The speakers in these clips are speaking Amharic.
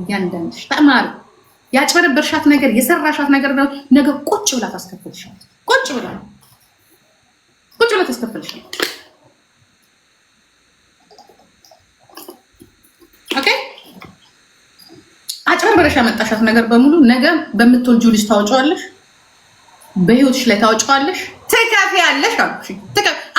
እያንዳንድሽ ተማሪ ያጭበረበርሻት ነገር የሰራሻት ነገር ነው። ነገ ቁጭ ብላ ታስከፍልሻት። ቁጭ ብላ ቁጭ ብላ ታስከፍልሻት። ኦኬ አጭበርበረሽ ያመጣሻት ነገር በሙሉ ነገ በምትወልጂው ልጅ ታወጪዋለሽ፣ በህይወትሽ ላይ ታወጪዋለሽ። ትከፍያለሽ። አልኩሽ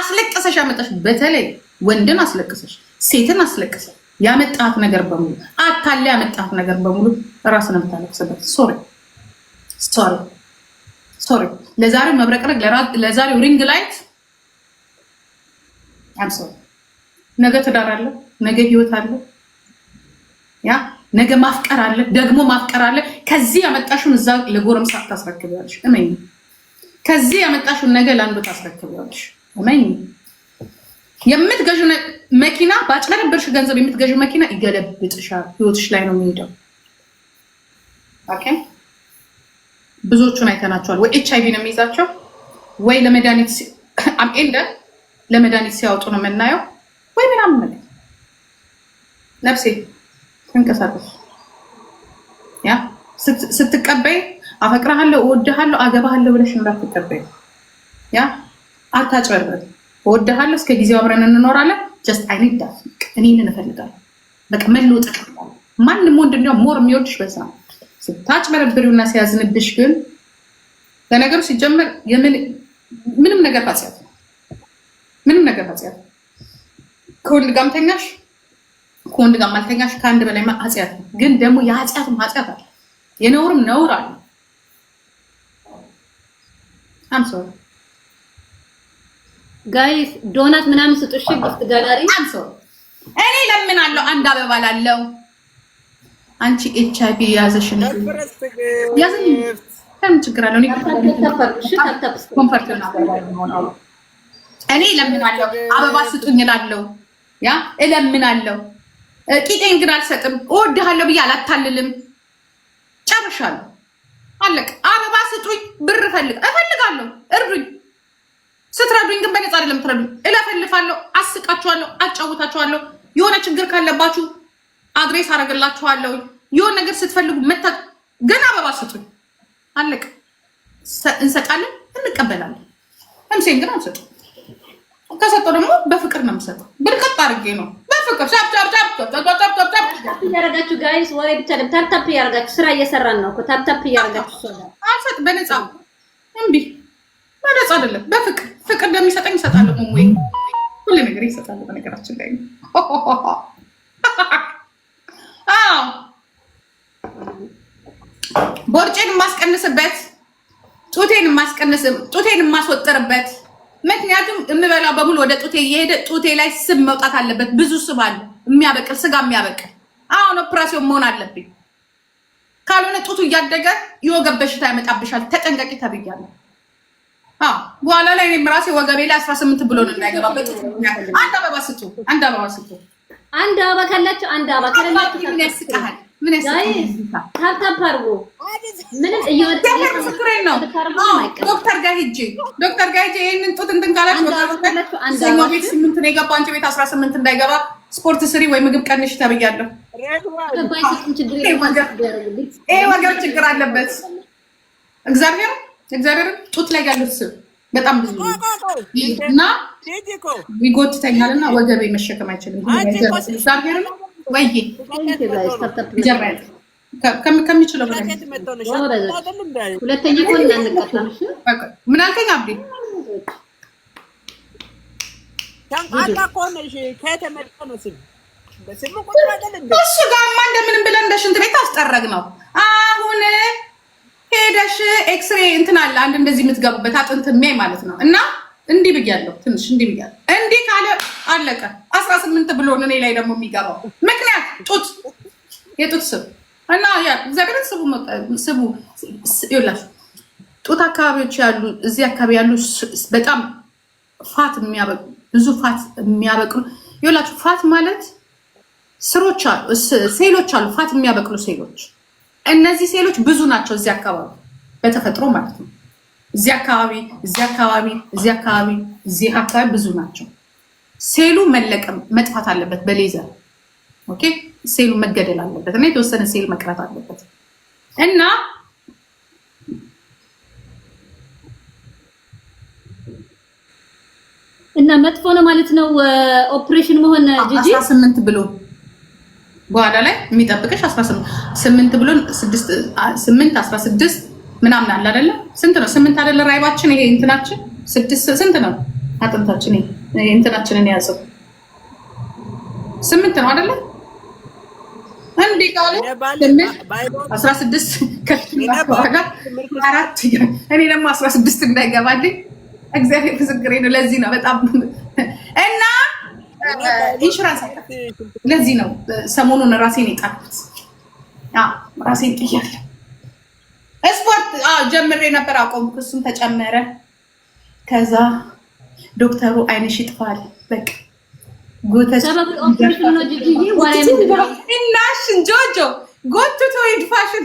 አስለቅሰሽ ያመጣሽ በተለይ ወንድን አስለቅሰሽ ሴትን አስለቅሰሽ ያመጣት ነገር በሙሉ አታለ ያመጣት ነገር በሙሉ ራስ ነው የምታለቅስበት። ሶሪ ሶሪ ሶሪ። ለዛሬው መብረቅረቅ፣ ለዛሬው ሪንግ ላይት አምሶ ነገ ትዳር አለ፣ ነገ ህይወት አለ፣ ያ ነገ ማፍቀር አለ፣ ደግሞ ማፍቀር አለ። ከዚህ ያመጣሽውን እዛ ለጎረምሳ ታስረክቢያለሽ። እመኝ። ከዚህ ያመጣሽውን ነገ ለአንዱ ታስረክቢያለሽ። እመኝ። የምትገዥ መኪና በአጭበረበርሽ ገንዘብ የምትገዥ መኪና ይገለብጥሻል። ህይወትሽ ላይ ነው የሚሄደው። ብዙዎቹን አይተናቸዋል። ወይ ኤች አይቪ ነው የሚይዛቸው ወይ ለመድኃኒት አምኤንደ ለመድኃኒት ሲያወጡ ነው የምናየው። ወይ ምናምን ነገር ነፍሴ ትንቀሳቀስ ያ ስትቀበይ አፈቅረሃለሁ፣ እወድሃለሁ፣ አገባሃለሁ ብለሽ እንዳትቀበይ ያ አታጭበርበት እወድሃለሁ፣ እስከ ጊዜው አብረን እንኖራለን። ጀስት አይኔ ዳፍ እኔን እፈልጋለሁ። በቃ መለወጥ ማንም ወንድ እንዲያውም ሞር የሚወድሽ በዛ ነው። ስታጭበረብሪውና ሲያዝንብሽ ግን ለነገሩ ሲጀመር ምንም ነገር ፋጽያት ነው። ምንም ነገር ፋጽያት ነው። ከወንድ ጋርም ተኛሽ ከወንድ ጋርም ማልተኛሽ ከአንድ በላይ ኃጢአት ነው። ግን ደግሞ የኃጢአትም ኃጢአት አለ፣ የነውርም ነውር አለ። አምሰ ጋይስ ዶናት ምናምን ስጡ። እሺ ግፍት ጋላሪ አንሶ እኔ ለምናለሁ። አንድ አበባ ላለው አንቺ ኤች አይ ቪ ያዘሽ ያዘኝ። ችግር አለው። እኔ አበባ ስጡኝ እላለሁ። ያ እለምናለሁ። ቂጤን ግን አልሰጥም። እወድሃለሁ ብዬ አላታልልም። ጨርሻለሁ፣ አበባ ስጡኝ፣ ብር እፈልግ እፈልጋለሁ ስትረዱኝ ግን በነፃ አይደለም ትረዱኝ። እለፈልፋለሁ፣ አስቃችኋለሁ፣ አጫውታችኋለሁ። የሆነ ችግር ካለባችሁ አድሬስ አረግላችኋለሁ። የሆነ ነገር ስትፈልጉ መታ ገና አበባ ስጡኝ። አለቅ እንሰጣለን፣ እንቀበላለን። እምሴን ግን አንሰጡ። ከሰጠው ደግሞ በፍቅር ነው የምሰጠው። ብልቀጥ አድርጌ ነው በፍቅር ያረጋችሁ ጋይስ፣ ወሬ ብቻ አይደለም። ታፕታፕ እያደረጋችሁ ስራ እየሰራን ነው። ታፕታፕ እያረጋችሁ አልሰጥ በነፃ እምቢ በነፃ አይደለም፣ በፍቅር ፍቅር እንደሚሰጠኝ ይሰጣለሁ። ሞ ሁሉ ነገር ይሰጣለሁ። በነገራችን ላይ ቦርጬን የማስቀንስበት ጡቴን የማስቀንስ ጡቴን የማስወጥርበት ምክንያቱም የምበላው በሙሉ ወደ ጡቴ እየሄደ ጡቴ ላይ ስብ መውጣት አለበት። ብዙ ስብ አለ፣ የሚያበቅል ስጋ የሚያበቅል። አሁን ኦፕራሲዮን መሆን አለብኝ፣ ካልሆነ ጡቱ እያደገ የወገብ በሽታ ያመጣብሻል፣ ተጠንቀቂ ተብያለሁ። በኋላ ላይ እኔም ራሴ ወገቤ ላይ አስራ ስምንት ብሎ ነው የሚያገባ። አንድ አበባ ስጡ፣ አንድ አበባ ስጡ፣ አንድ አበባ አንድ አበባ ምን ምን ምንም እየወጣ ነው። ዶክተር ጋር ዶክተር ጋር ይህንን ጡት እንትን ካላችሁ ቤት ስምንት ነው የገባ፣ አንቺ ቤት አስራ ስምንት እንዳይገባ ስፖርት ስሪ ወይ ምግብ ቀንሽ ተብያለሁ። ይሄ ወገብ ችግር አለበት እግዚአብሔር እግዚአብሔርን ጡት ላይ ያለው ስብ በጣም ብዙ እና ይጎትተኛል እና ወገቤ መሸከም አይችልም። እግዚአብሔርን ወይ ከሚችለው ምን አልከኝ አብዴ? እሱ ጋማ እንደምንም ብለን እንደ ሽንት ቤት አስጠረግ ነው አሁን ብለሽ ኤክስሬ እንትን አለ አንድ እንደዚህ የምትገቡበት አጥንት ሜ ማለት ነው። እና እንዲህ ብያለሁ፣ ትንሽ እንዲህ ብያለሁ። እንዲህ ካለ አለቀ። አስራ ስምንት ብሎ እኔ ላይ ደግሞ የሚገባው ምክንያት ጡት፣ የጡት ስብ እና ያ እግዚአብሔርን ስቡ ስቡ ይላችሁ ጡት አካባቢዎች ያሉ እዚህ አካባቢ ያሉ በጣም ፋት የሚያበቅሉ ብዙ ፋት የሚያበቅሉ ይላችሁ ፋት ማለት ስሮች አሉ፣ ሴሎች አሉ፣ ፋት የሚያበቅሉ ሴሎች። እነዚህ ሴሎች ብዙ ናቸው እዚህ አካባቢ በተፈጥሮ ማለት ነው። እዚህ አካባቢ እዚህ አካባቢ እዚህ አካባቢ እዚህ አካባቢ ብዙ ናቸው። ሴሉ መለቀም መጥፋት አለበት በሌዘር ኦኬ። ሴሉ መገደል አለበት እና የተወሰነ ሴል መቅረት አለበት እና እና መጥፎ ነው ማለት ነው። ኦፕሬሽን መሆን ጂጂ 18 ብሎ በኋላ ላይ የሚጠብቅሽ 18 ብሎ 6 8 16 ምናምን አለ አይደለ? ስንት ነው? ስምንት አይደለ? ራይባችን ይሄ እንትናችን ስድስት ስንት ነው? አጥንታችን ይሄ እንትናችንን የያዘው ስምንት ነው አይደለ? እንዴ ቃሉ አስራ ስድስት አራት እኔ ደግሞ አስራ ስድስት እንዳይገባልኝ እግዚአብሔር ምስክሬ ነው። ለዚህ ነው በጣም እና ኢንሹራንስ ለዚህ ነው ሰሞኑን ራሴን የጣልኩት ራሴን ጥያለሁ። ስፖርት ጀምሬ ነበር አቆምኩ። እሱም ተጨመረ። ከዛ ዶክተሩ አይንሽ ይጥፋል በቃ ጎተናሽን ጆጆ ጎትቶ ይድፋሽን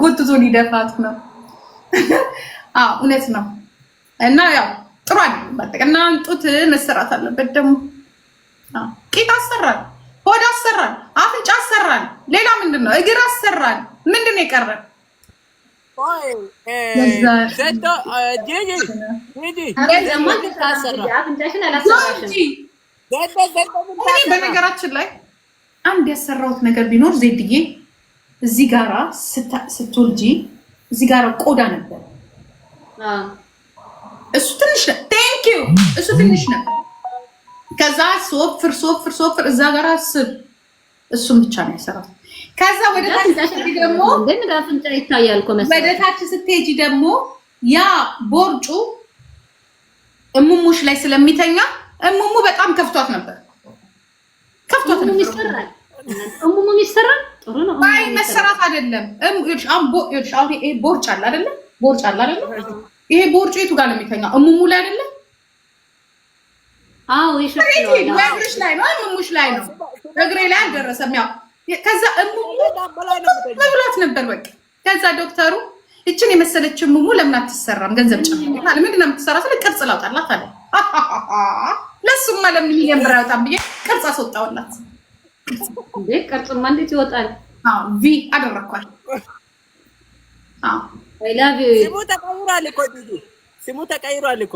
ጎትቶ ሊደፋት ነው። እውነት ነው። እና ያው ጥሩ አይደለም። በቃ እና መሰራት አለበት ደግሞ ቂጥ አሰራል ሌላ ምንድን ነው? እግር አሰራን። ምንድን ነው የቀረን? በነገራችን ላይ አንድ ያሰራሁት ነገር ቢኖር ዜድዬ እዚህ ጋራ ስትወልጂ እዚህ ጋራ ቆዳ ነበር። እሱ ትንሽ ነው። ቴንክ ዩ እሱ ትንሽ ነው። ከዛ ሶፍር ሶፍር ሶፍር እዛ ጋራ ስብ እሱም ብቻ ነው ያሰራሁት። ከዛ ወደ ታች ደግሞ ግን በአፍንጫ ይታያል እኮ መሰለኝ። ወደ ታች ስትሄጂ ደግሞ ያ ቦርጩ እሙሙሽ ላይ ስለሚተኛ እሙሙ በጣም ከፍቷት ነበር። ከፍቷት ነበር። እሙሙ ይሰራል። ጥሩ ነው። አይ መሰራት አይደለም። አምቦ ቦርጭ አለ አይደለ? ቦርጭ አለ አይደለ? ይሄ ቦርጩ የቱ ጋር ነው የሚተኛው? እሙሙ ላይ አይደለ? አዎ ይሸፍነዋል። እግርሽ ላይ ነው። እሙሙሽ ላይ ነው። እግሬ ላይ አልደረሰም ያው ከዛ መብላት ነበር በቃ። ከዛ ዶክተሩ እችን የመሰለች ሙሙ ለምን አትሰራም? ገንዘብ ጨምሮታል። ምንድን ነው የምትሰራ ስለ ቅርጽ ላውጣላት አለ። ለሱማ ለምን ብር ያውጣም ብዬ ቅርጽ አስወጣውላት። ቅርጽማ እንዴት ይወጣል? ቪ አደረኳል። ስሙ ተቀይሯል እኮ ስሙ ተቀይሯል እኮ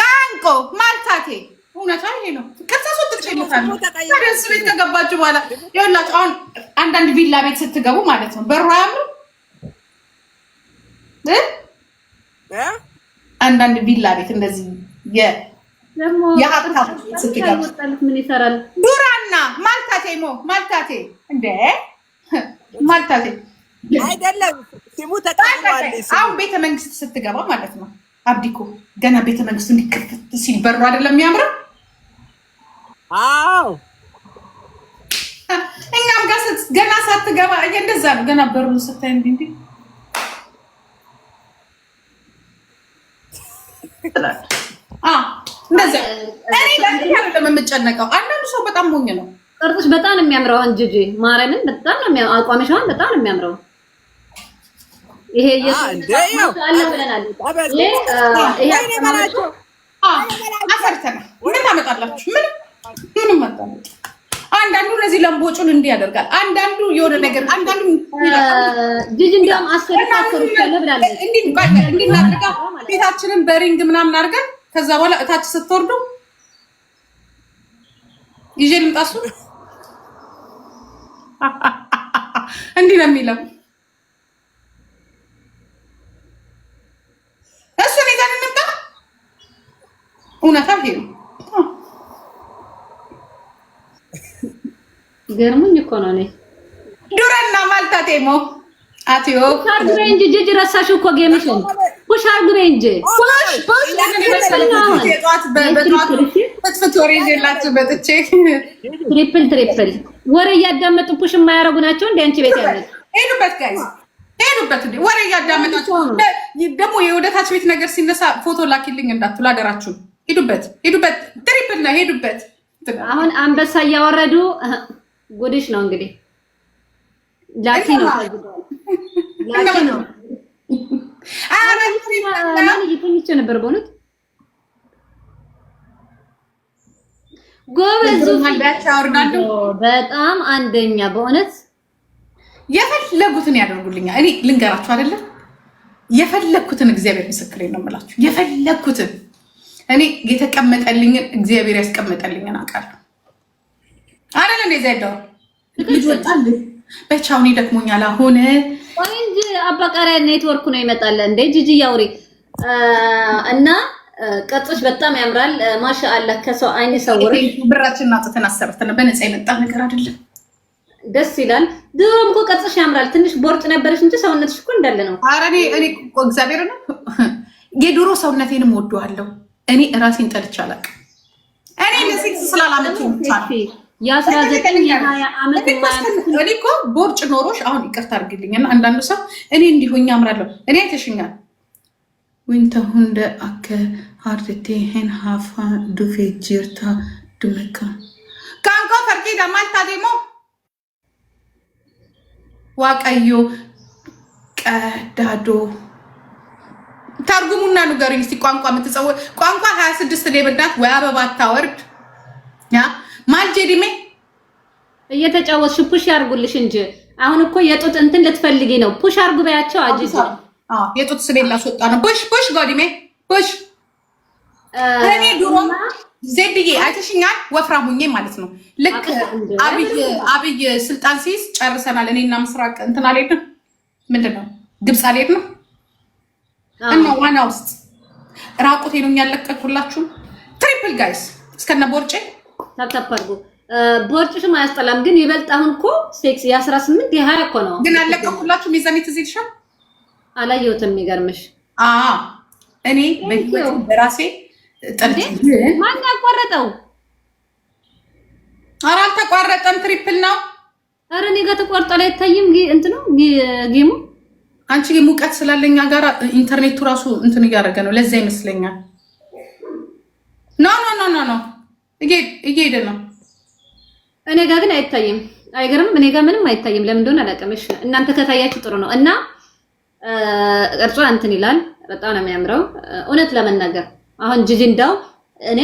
ቃንቆ ማልታቴ እውነቷ ይሄ ነው። ከዛ ሰው ትጨይታል እሱ ቤት ከገባችሁ በኋላ ይኸውላችሁ፣ አሁን አንዳንድ ቪላ ቤት ስትገቡ ማለት ነው በሩ አያምርም። አንዳንድ ቪላ ቤት እንደዚህ የሀብታ ዱራና ማልታቴ ሞ ማልታቴ እንደ ማልታቴ አሁን ቤተ መንግስት ስትገባ ማለት ነው አብዲኮ ገና ቤተ መንግስቱ እንዲከፍት ሲል በሩ አይደለም የሚያምረው አዎ እኛም ጋር ገና ሳትገባ እንደዛ ነው። ገና በሩን ስታይ እንዲህ እንዲህ የምጨነቀው አንዳንዱ ሰው በጣም ሞኝ ነው። ቅርጽሽ በጣም ነው የሚያምረው። አንጂ ጂ ማርያምን በጣም ነው የሚያምረው። አቋምሽዋን በጣም ነው የሚያምረው። ይሄ ይሄ ይሄ አሰርተናል። ምን ታመጣላችሁ? ምን ምንም አታመጡ። አንዳንዱ ለዚህ ለምቦጩን እንዲህ ያደርጋል። አንዳንዱ የሆነ ነገር አንዳንዱ ጅጅ እንዲያውም እንዲናድርጋ ቤታችንን በሪንግ ምናምን አድርገን ከዛ በኋላ እታች ስትወርዱ ይዤ ልምጣ። እሱ እንዲህ ነው የሚለው። እሱን ይዘን እንምጣ። እውነታ ይሄ ነው። ገርሙኝ እኮ ነው። እኔ ዱረና ማልታቴ ሞ አትዮ ሻርግ ሬንጅ ጅጅ ረሳሽ እኮ ጌምሽን ሻርግ ሬንጅ ፍትፍት ትሪፕል ትሪፕል ወሬ እያዳመጡ ፑሽ የማያረጉ ናቸው። እንደ አንቺ ቤት ያለ ሄዱበት ጋይ ሄዱበት እንደ ወሬ እያዳመጣችሁ ደግሞ የወደታች ቤት ነገር ሲነሳ ፎቶ ላኪልኝ እንዳትሉ አደራችሁ። ሄዱበት ሄዱበት ትሪፕል ነው ሄዱበት። አሁን አንበሳ እያወረዱ ጉድሽ ነው እንግዲህ ላኪ ነው ነበር በሆኑት በጣም አንደኛ በእውነት የፈለጉትን ያደርጉልኛል። እኔ ልንገራችሁ አይደለም የፈለግኩትን እግዚአብሔር ምስክር ነው የምላችሁ። የፈለግኩትን እኔ የተቀመጠልኝን እግዚአብሔር ያስቀመጠልኝን አውቃለሁ። ነው ልጅ ወጣል። ደክሞኛል አሁን ኦሬንጅ አባቃሪያ ኔትወርኩ ነው ይመጣል እንዴ ጂጂ ያውሪ እና በጣም ያምራል። ማሻአላ ከሰው አይን ሰውር ብራችን እና አሰርተን በነፃ የመጣ ነገር አይደለም። ደስ ይላል። ድሮም እኮ ቀጾሽ ያምራል። ትንሽ ቦርጭ ነበረሽ እንጂ ሰውነትሽ እኮ እንዳለ ነው። ኧረ እኔ እኔ እኮ እግዚአብሔር ነው የድሮ ሰውነቴንም ወደዋለሁ። እኔ ራሴን ጠልቻለሁ። እኔ ለሴክስ ስላላለችኝ ብቻ እኔ እኮ ቦርጭ ኖሮሽ አሁን ይቅርታ አድርግልኝ እና አንዳንዱ ሰው እኔ እንዲሁኝ አምራለሁ። እኔ አይተሽኛል። ዊንተሁንደ አከ ሃርቴ ሄን ዱፌ ጅርታ ዱመካ ካንኮ ፈርጌ ደማልታ ዋቀዮ ቀዳዶ ተርጉሙና ንገሩኝ እስኪ ቋንቋ የምትጸወ ቋንቋ ሀያ ስድስት ሌብናት ወይ አበባ ማልጄዲሜ እየተጫወትሽ ፑሽ ያርጉልሽ እንጂ አሁን እኮ የጡት እንትን ልትፈልጊ ነው። ፑሽ አርጉ በያቸው። አጂጂ አዎ፣ የጡት ስሜን ላስወጣ ነው። ፑሽ ፑሽ፣ ጎዲሜ ፑሽ። እኔ ድሮ ዜድዬ አይተሽኛል፣ ወፍራም ሁኜ ማለት ነው። ልክ አብይ አብይ ስልጣን ሲይዝ ጨርሰናል። እኔና ምስራቅ እንትን አልሄድንም፣ ምንድን ነው ግብፅ አልሄድንም እና ዋና ውስጥ ራቁቴ ነው ያለቀኩላችሁ። ትሪፕል ጋይስ እስከነ ቦርጬ ታፕታፕ አድርጎ ቦርጭሽም አያስጠላም። ግን ይበልጥ አሁን እኮ ሴክስ የ18 የ20 እኮ ነው። ግን አለቀኩላችሁ። የዛኔ ትዝ ይልሻል። አላየሁትም። የሚገርምሽ እኔ በራሴ ማን ያቋረጠው? ኧረ አልተቋረጠም። ትሪፕል ነው። ኧረ እኔ ጋር ተቋርጧል። አይታይም። እንትኑ ጌሙ አንቺ ግን ሙቀት ስላለኛ ጋር ኢንተርኔቱ ራሱ እንትን እያደረገ ነው። ለዛ ይመስለኛል። ኖ ኖ ኖ ኖ ኖ እየሄደ ነው። እኔ ጋር ግን አይታይም። አይገርምም። እኔ ጋር ምንም አይታይም። ለምን እንደሆነ አላውቅም። እሺ እናንተ ከታያችሁ ጥሩ ነው። እና እርጿ እንትን ይላል። በጣም ነው የሚያምረው እውነት ለመናገር አሁን ጅጅ እንዳው እኔ